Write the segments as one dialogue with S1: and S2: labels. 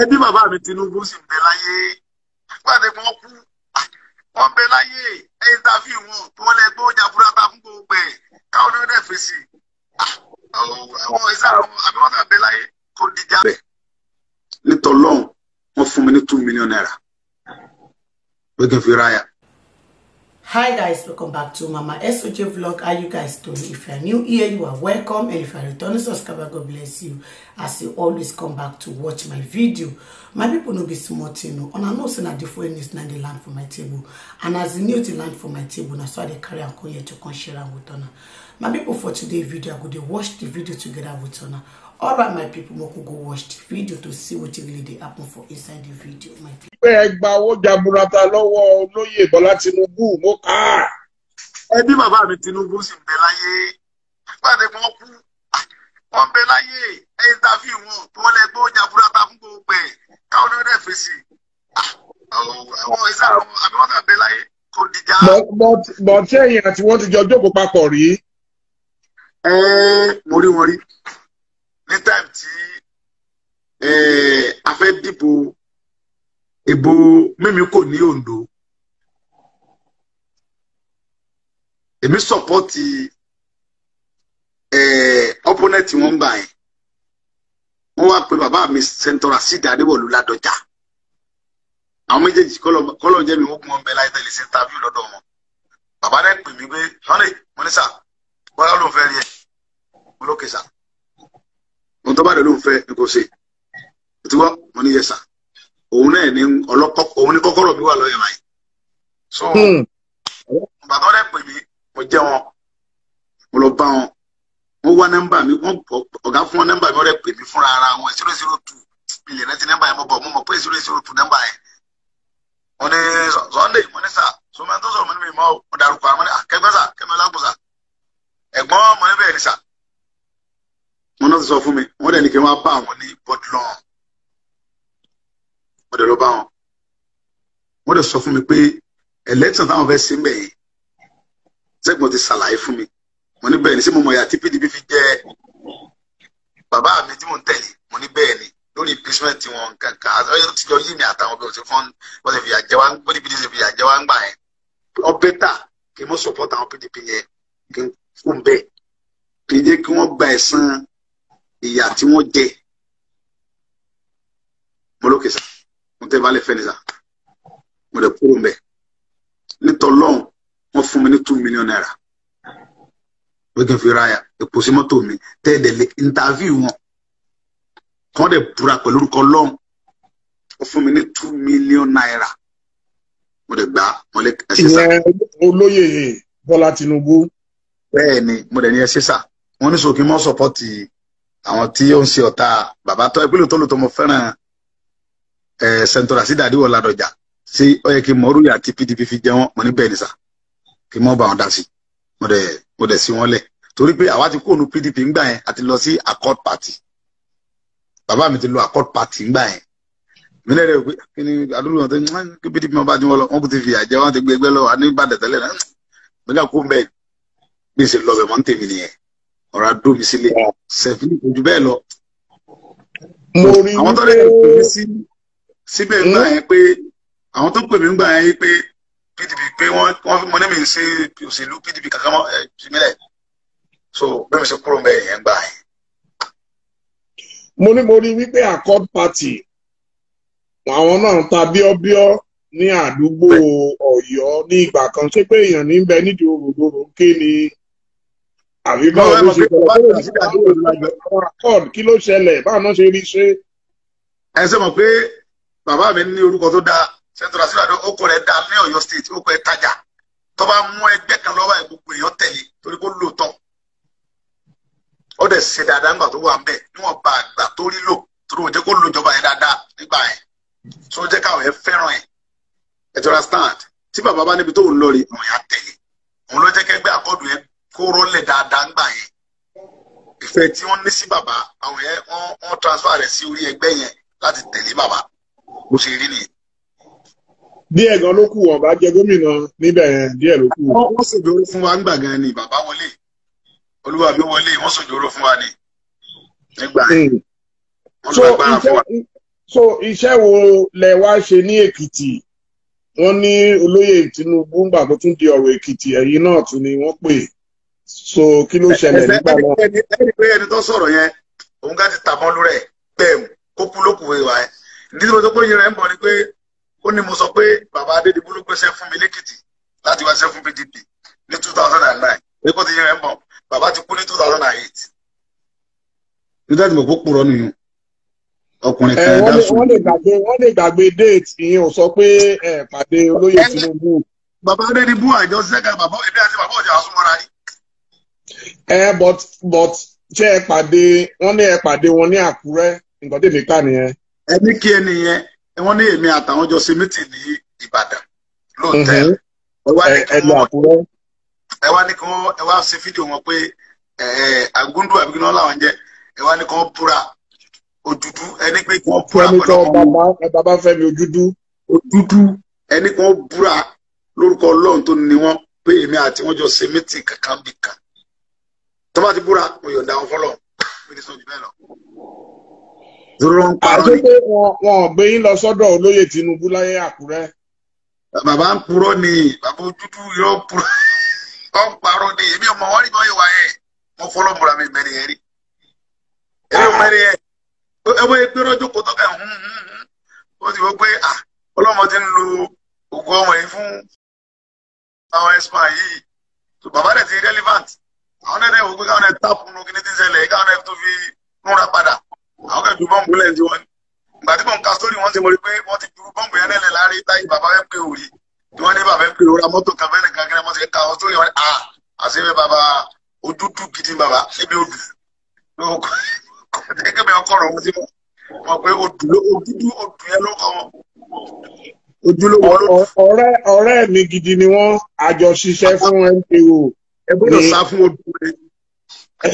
S1: ẹbí bàbá mi Tinubu sì ń bẹ láyé ìpàdé wọn kú wọn bẹ láyé ẹyin tá a fi wọn tí wọn lè gbé ọjà fúrata fún gbogbo ẹ káwọn náà dẹ fèsì àwọn ẹsẹ àwọn àbí wọn kà bẹ láyé kò dìjà bẹ nítorí Ọlọ́run wọn fún mi ní two million naira pé kí fi ráyà hi guys welcome back to mama soj vlog how you guys doing if you are new here you are welcome and if you are returning subscriber god bless you as you always come back to watch my video my people no be smart, you know, and I know say that different news na dey land for my table and as the news dey land for my table na so i dey carry and come here to come share am with una my people for today's video i go dey watch the video together with una all right my people mo kò go watch the video to see wetin really dey happen for inside the video my
S2: people. pé ẹ gba owó jaburata lọ́wọ́ olóyè bọ́lá tinubu mo kà á. ẹbí bàbá mi tinubu sì
S1: bẹ láyé pàdé wọn kú wọn bẹ láyé ẹyin tàbí wọn tí wọn lè gbọ́ jaburata fún gbogbo ẹ káwọn náà dẹ fèsì ah, àwọn ìsà àwọn àbí wọn kà bẹ
S2: láyé kò dìjà. bọ̀ọ̀tì ẹ̀yìn àti wọ́n ti jọ jókòó papọ̀ rí.
S1: ẹ mo rí wọn rí ní time tí eh, a fẹ́ dìbò ìbò mímí kò ní Ondo èmi sọpọ́tì ọ́pọ́nẹ́tì eh, wọn gbà yẹn wọ́n wá pe bàbá mi sẹ́ńtọ́rà sídìí adébọ̀lù ládọjà àwọn méjèèjì kọ́lọ̀ jẹ́ mi wọ́n kún wọn bẹ́ẹ̀ láì tẹ̀lé sí tábìlì lọ́dọ̀ wọn bàbá náà pè mí pé honey mo ní sà bọ́lá ló ń fẹ́ rí ẹ̀ mo lókè sà ohun tó bá dẹ̀ ló ń fẹ́ ni kò ṣe ìtúbọ̀ mo ní yẹsà òun náà ní ọlọ́kọ́ òun ní kọ́kọ́rọ́ mi wà lọ́yẹ̀ báyìí so hmm. bàbá rẹ̀ pè mí mo jẹ́ wọn mo lọ bá wọn wọ́n wá nọ́mbà mi wọ́n ọ̀gá fún wọn nọ́mbà mi wọ́n rẹ̀ pè mí fúnra ara wọn zero zero two mílíọ̀nù náà ti nọ́mbà yẹn mo bọ̀ mo mọ̀ pé zero zero two nọ́mbà yẹn mo ní Sunday mo ní sà sọmọ tó sọ̀rọ̀ mo ní mi mọ́ ọ̀darùkọ àwọn akẹgbẹ́ sà kẹmẹ́ lágbó sà ẹ̀gbọ́n mo ní bẹ́ẹ̀ ni sà wọn náà sọ fún mi wọn dẹ̀ kí wọ́n bá àwọn ní bọ́dúlọ́n wọn dẹ̀ lọ bá wọn wọn dẹ̀ sọ fún mi pé election táwọn fẹ́ sí mbẹ̀ yìí sẹ́gbọ̀n ti ṣàlàyé fún mi mo ní bẹ́ẹ̀ ni sí mo mọ̀ ìyá tí PDP fi jẹ́ bàbá mi tí mo ń tẹ̀lé mo ní bẹ́ẹ̀ ni lórí impeachment wọn nǹkan kan ọyọ ti jọ yí mi àtàwọn bí wọn ti fọn wọn ti fi àjẹ wá wọn ti fi ṣe fi àjẹ wá ń gbà yẹn ọbẹ tà kí n mọ support àwọn PDP yẹn kí n fún bẹ́ẹ̀ kí n jẹ kí wọn gba ẹ̀san ìyà tí wọ́n jẹ mo lókè sá mo tẹ́ balẹ̀ fẹ́ ni sá mo lè kúrò mbẹ́ nítọ́lọ́hún wọ́n fún mi ní two million naira pé kí n fi ra epo sí mọ́tò mi tẹ́ẹ̀dẹ̀lẹ̀ interview wọn kàn dẹ̀ búra pẹ̀lú orúkọ lọ́hún wọ́n fún mi ní two million naira mo lè gbà mo lè ẹsẹ sá. ìyẹn olóyè Bọ́lá Tinubu. bẹ́ẹ̀ ni mo lè ní ẹsẹ sá wọ́n ní sọ kí n mọ́ sọ́pọ́tì àwọn tí ó ń ṣe ọ̀tá bàbá tó ẹgbẹ́ lóòótọ́ lóòótọ́ mo fẹ́ràn Senator Rasheed Adéwọ̀ Ládọjà sí ó yẹ kí mọ́rú yà tí PDP fi jẹ́ wọn mo ní bẹ́ẹ̀ ni kí mọ́ bá wọn dá sí mo dẹ̀ mo dẹ̀ sí wọn lẹ̀ torí pé àwa ti kó ònú PDP ńgbà yẹn àti lọ sí Accord Party bàbá mi ti lọ Accord Party ńgbà yẹn mi lẹ́rẹ̀ pé kí ni àdúgbò wọn tó ń kí PDP wọn bá ti wọn lọ wọn kò ti fi àjẹ wọn ti gbẹgbẹ lọ àní Ìbàdàn tẹ́lẹ̀ náà mi kà kó mbẹ́ bí n mọ́ ń tèmi nìyẹn ọ̀rọ̀ àdó mi sílé sẹ̀fín kò jù bẹ́ẹ̀ lọ. àwọn tó lè pè mí sí síbẹ̀ ń gbà hmm? yẹn pé àwọn tó pè mí ń gbà yẹn pé PDP pé wọ́n fi mọ́nẹ́mì ń ṣe òṣèlú PDP kankan mọ́ ẹ̀ jìmílẹ̀ so bẹ́ẹ̀ mi ṣe kúrò ń bẹ̀ yẹn gbà yẹn.
S2: mo ní mo rí wípé accord party àwọn náà ta bíọ́bíọ́ ní àdúgbò Ọ̀yọ́ ní ìgbà kan ṣé pé èèyàn ní bẹ nídìí òròdòrò ké ni. Be, àbí báwo ló ṣe
S1: kọ́ kí ló ṣẹlẹ̀ báwo náà ṣe rí ṣe. ẹ ṣe mọ̀ pé bàbá mi ní orúkọ tó dáa central sílẹ̀ ọkọ rẹ̀ dáa ní Ọ̀yọ́ state ọkọ rẹ̀ tajà tó bá mú ẹgbẹ́ kan lọ́wọ́ ẹ̀ gbogbo èèyàn tẹ̀lé torí kó lóòótọ́ ó dẹ̀ ṣe dáadáa nígbà tó wà ń bẹ̀ níwọ̀n bá àgbà tó rí lò torí òjẹ́ kó lo ìjọba yẹn dáadáa nígbà yẹn tó jẹ́ káwọn yẹn fẹ́ràn ẹ̀ ẹ̀ jọra stand tí bàbá bá níbi tó ń lọ rí òun yà tẹ̀lé òun ló jẹ́ kẹ́gbẹ́ àkọ́dù yẹn kó rọ́lẹ̀ dáadáa ìfẹ́ tí wọ́n ní sí bàbá àwọn yẹn wọ́n wọ́n transfer rẹ̀ sí orí ẹgbẹ́ yẹn láti tẹ̀lé bàbá bó ṣe rí nìyẹn.
S2: díẹ̀ gan ló kù wọ́n bá jẹ gómìnà
S1: níbẹ̀ yẹn díẹ̀ ló kù. wọ́n ṣèjọ́rò fún wa nígbà gan ni bàbá wọlé olúwa bí wọlé wọ́n ṣèjọ́rò fún wa ni nígbà yẹn hmm. wọ́n ṣe agbára fún wa.
S2: so iṣẹ́ wo lẹ wá ṣe ní èkìtì wọ́n ní olóyè tinubu ń tó tún di ọ̀rọ̀ èkìtì ẹ̀yìn náà tún ni wọ́n pè é so kí ló ṣẹlẹ̀ nígbà náà.
S1: ẹni pé ẹni tó sọ̀rọ̀ yẹn òun ká ti tàmọ́ lúrẹ̀ bẹ́ẹ̀ kó kú lókùn ìwà ẹ̀ nítorí mo sọ pé yìnyín rẹ̀ ń bọ̀ ni pé ó ní mo sọ pé bàbá Adédìbú ló gbéṣẹ́ fún mi lẹ́kìtì láti wáṣẹ́ fún PDP ní two thousand and nine èkó ti yìnyín rẹ̀ ń bọ̀ bàbá ti kú ní two thousand and eight. nígbà tí mo kó kúrò nìyẹn ọkùnrin eh, kan dá sùn.
S2: wọ́n lè gbàgbé wọ́n lè gbàgbé déètì yín ò sọ pé eh, pàdé olóyè Tinubu.
S1: bàbá Adédìbú àjọṣẹ́ka bàbá ẹ̀mí àti bàbá ọ̀jà àsùnmọ́ra yìí
S2: eh but but ṣé ẹ pàdé wọn ní ẹ pàdé wọn ní Àkúrẹ́ nǹkan tèmi kà nìyẹn.
S1: ẹ ní kí ẹni yẹn wọn ní èmi àtàwọn jọ ṣe mítì ní Ìbàdàn lóòótọ́ mhm. eh, ẹ lọ Àkúrẹ́. ẹ wá ní kí wọn ẹ wá ṣe fídíò wọn pé eh, eh, àgúndù àbí kíná làwọn jẹ ẹ wá ní kí wọn búra òdúdú ẹni pé kí wọn búra
S2: pẹ̀lú baba bàbá Fẹ́mi òdúdú òdúdú
S1: ẹni kí wọn búra lórúkọ Ọlọ́run tó ní wọn pé èmi àti wọn jọ ṣe mítì kankan bì kan tó bá ti búra mo yọ̀ǹda wọn fọlọ́ mi ní sọ jù bẹ́ẹ̀ lọ. àti pé
S2: wọn ò gbé yín lọ sọ́dọ̀ olóyè Tinubu láyé Àkúrẹ́. bàbá ń purọ́ ni
S1: bàbá ojúdú yóò purọ́ ọ̀ ń parọ́ ni èmi ọmọ wọn rí bọ́ yóò wáyé mo fọlọ́ múra mi mẹ́rin yẹn rí èmi ò mẹ́rin yẹn ẹ bóyá pé rọ́jò kò tọ́ka ẹ̀ hún hún hún ó ti wọ́n pé à ọlọ́mọ ti ń lo ògùn ọmọ yìí fún àwọn ẹ̀sùn àwọn dẹ́dẹ́ wò pé káwọn ẹ̀ táàpù nù kí ní ti ń ṣẹlẹ̀ káwọn ẹ̀ tó fi múra padà àwọn kẹ̀ ju bọ́ǹbù lẹ̀ ti wọn. ìgbà tí mò ń ka sórí wọn ti mọ̀ rí pé wọ́n ti ju bọ́ǹbù yẹn lẹ̀ láàrin táyì bàbá fẹ́ pé òrì tí wọ́n ní bàbá fẹ́ pé òrà mọ́tò kan fẹ́ẹ́ nìkan kí wọ́n ti ka ọ sórí wọn à ah, àṣebẹ́ bàbá ojútù gidi bàbá ebi odù
S2: ọ̀rẹ́ ọ̀rẹ́ mi gidi ni wọ́n àjọṣiṣẹ́ fún MKO. ẹ gbọ́dọ̀ sá fún odò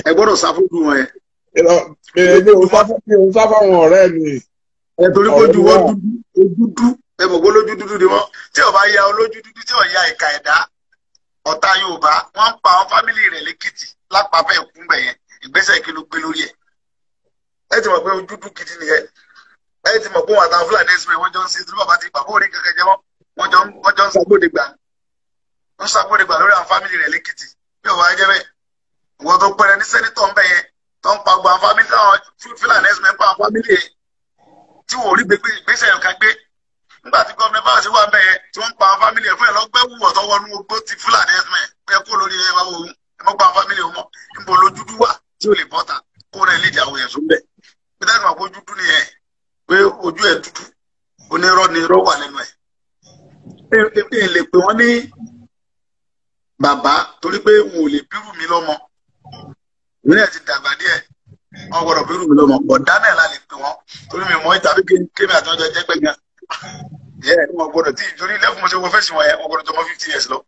S2: ẹ gbọ́dọ̀ sáfóògùn wọn yẹn. èmi ò sáfà wọn ọ̀rẹ́ mi. ẹ torí kó ju wọn dúdú
S1: ẹ mọ̀ pé olójú dúdú ni wọ́n tí o bá ya olójú dúdú tí o ya ìka ẹ̀dá ọ̀tá Yorùbá wọ́n ń pa àwọn fámìlì rẹ̀ lẹ́kìtì lápapẹ̀ ìkúnbẹ̀ yẹn ìgbésẹ̀ kí ló gbé lórí ẹ̀ ẹ ti mọ̀ pé ojú dúdú gidi nìyẹn ẹ ti mọ̀ pé wọn àtàwọn Fúlàní ẹ̀sìn rẹ̀ wọ́n jọ ń ṣe ìdúró bàbá ti gbà fóòrí kankan jẹ́ wọ́n jọ ń ṣàgbódegbà ń ṣàgbódegbà lórí àwọn fámìlì rẹ̀ lẹ́kìtì bí ò wá jẹ́ bẹ́ẹ̀ wọ́n tó pẹrẹ ní sẹ́nitọ̀ ń bẹ̀ yẹn tó ń pa gbọ́n àwọn fámìlì táwọn fúlàní ẹ̀sìn mẹ́fà àwọn fámìlì yẹn tí wọ́n rí gbèsè ẹ̀ka gbé nígbà tí gọ́ọ̀mù nẹ́fà ti wà ń bẹ̀ yẹn tí wọ́n ń pa àwọn fámìlì yẹn fún ẹ̀ lọ́gbẹ́ wùwọ̀ tó wọnú ogbó ti fúlàní ẹ̀sìn mẹ́ ẹ kó lórí ẹ̀ báwo ẹ mọ́ pa àwọn fámìlì yẹn mọ́ níbo wà tí ò lè bọ́ta kó rẹ̀ lè jàwó yẹn èmi náà ti dàgbà díẹ̀ wọn gbọ́dọ̀ fi rúmi lọmọ pọ dáná la lè pè wọn torí mi mọ ìtàbí kémi àtọjọ jẹ pé gan ẹ wọn gbọ́dọ̀ tí ìjọrí lẹfún mọṣẹ wọn fẹsùn wọn yẹn wọn gbọ́dọ̀ tó mọ fifty years lọ.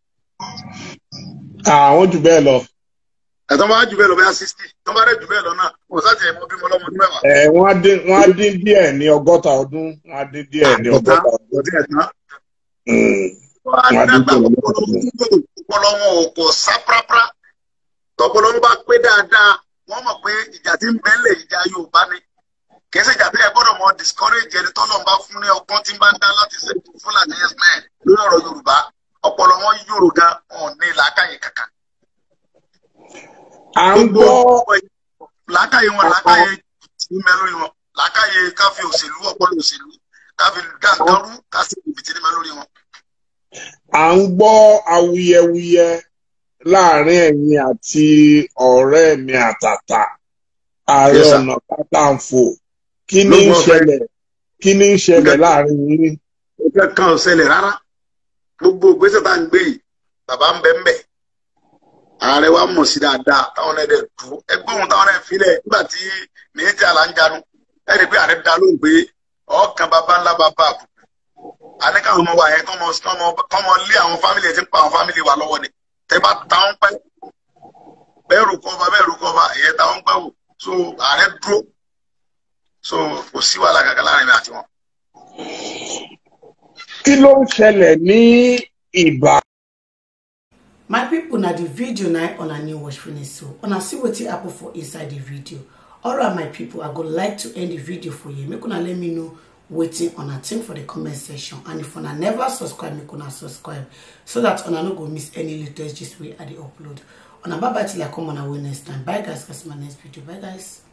S2: àwọn jù bẹ́ẹ̀ lọ.
S1: ẹ̀tọ́ bá jù bẹ́ẹ̀ lọ bẹ́ẹ̀ sixty tó bá rẹ̀ jù bẹ́ẹ̀ lọ náà wọn sáà tiẹ̀ mọ bímọ lọ́mọ ọdún mẹ́wàá.
S2: ẹ wọn á dín wọn á dín díẹ̀ ní ọgọ́ta ọdún wọn á dín díẹ̀ ní ọgọ́ta ọdún. Hmm. wọn
S1: á dín tọpọlọ bá pé dáadáa wọ́n mọ̀ pé ìjà tí ń bẹ́lẹ̀ ìjà Yorùbá ni kẹsẹ̀ ìjà tí ẹ gbọ́dọ̀ mọ discourage ẹni tọ́lọ̀ ń bá fún ní ọgbọ́n tí ń bá ń dá láti ṣe Fúlàní ẹ̀sìn lórí ọ̀rọ̀ Yorùbá ọpọlọ wọn yòrò gan ọ̀n ní làákàyè kankan. à ń gbọ́ làákàyè wọn làákàyè mẹ́lórí wọn làákàyè káfí òṣèlú ọpọlọ òṣèlú káfí gàǹkanrú káfí ìbìtì ní mẹ́lórí wọn. à ń
S2: gbọ́ awuyewuye láàrin ẹ̀yin àti ọ̀rẹ́ mi àtàtà ààrẹ ọ̀nà kátàǹfò kí ni ń ṣẹlẹ̀
S1: kí ni ń ṣẹlẹ̀ láàrin yín. nǹkan kan ò ṣẹlẹ̀ rárá gbogbo ìgbésẹ̀ tá à ń gbé yìí bàbá ń bẹ́ ń bẹ̀ ààrẹ wa mọ̀ sí dáadáa táwọn ẹ̀dẹ̀ dù ú ẹgbẹ́ òun táwọn ẹ̀ filẹ̀ nígbà tí nìyẹn tí àlà ń janu ẹ̀ rí i pé ààrẹ da lóhùn pé bàbá ńlá bàbá àbùkù àníkàwọn ọmọ wa yẹn kọ́mọ lé àwọn fámìlì ẹ̀ ti ń pa àwọn fámìlì wa lọ́wọ́ ni tẹ táwọn pẹ́ bẹ́ẹ̀ rò kọ́ba bẹ́ẹ̀ rò táwọn pẹ́ wò so ààrẹ dúró so kò sí wàhálà kankan láàrin mi àti wọn.
S2: kí ló ń ṣẹlẹ̀ ní ìbá.
S1: my pipo na di video na una new watch finish so una see wetin happen for inside di video alright my pipo i go like to end di video for here make una let me know Waiting on una think for the comment section and if una never subscribe make una subscribe so dat una no go miss any latest gist wey at the upload una bye bye till i come on our next time bye guys that's my next video bye guys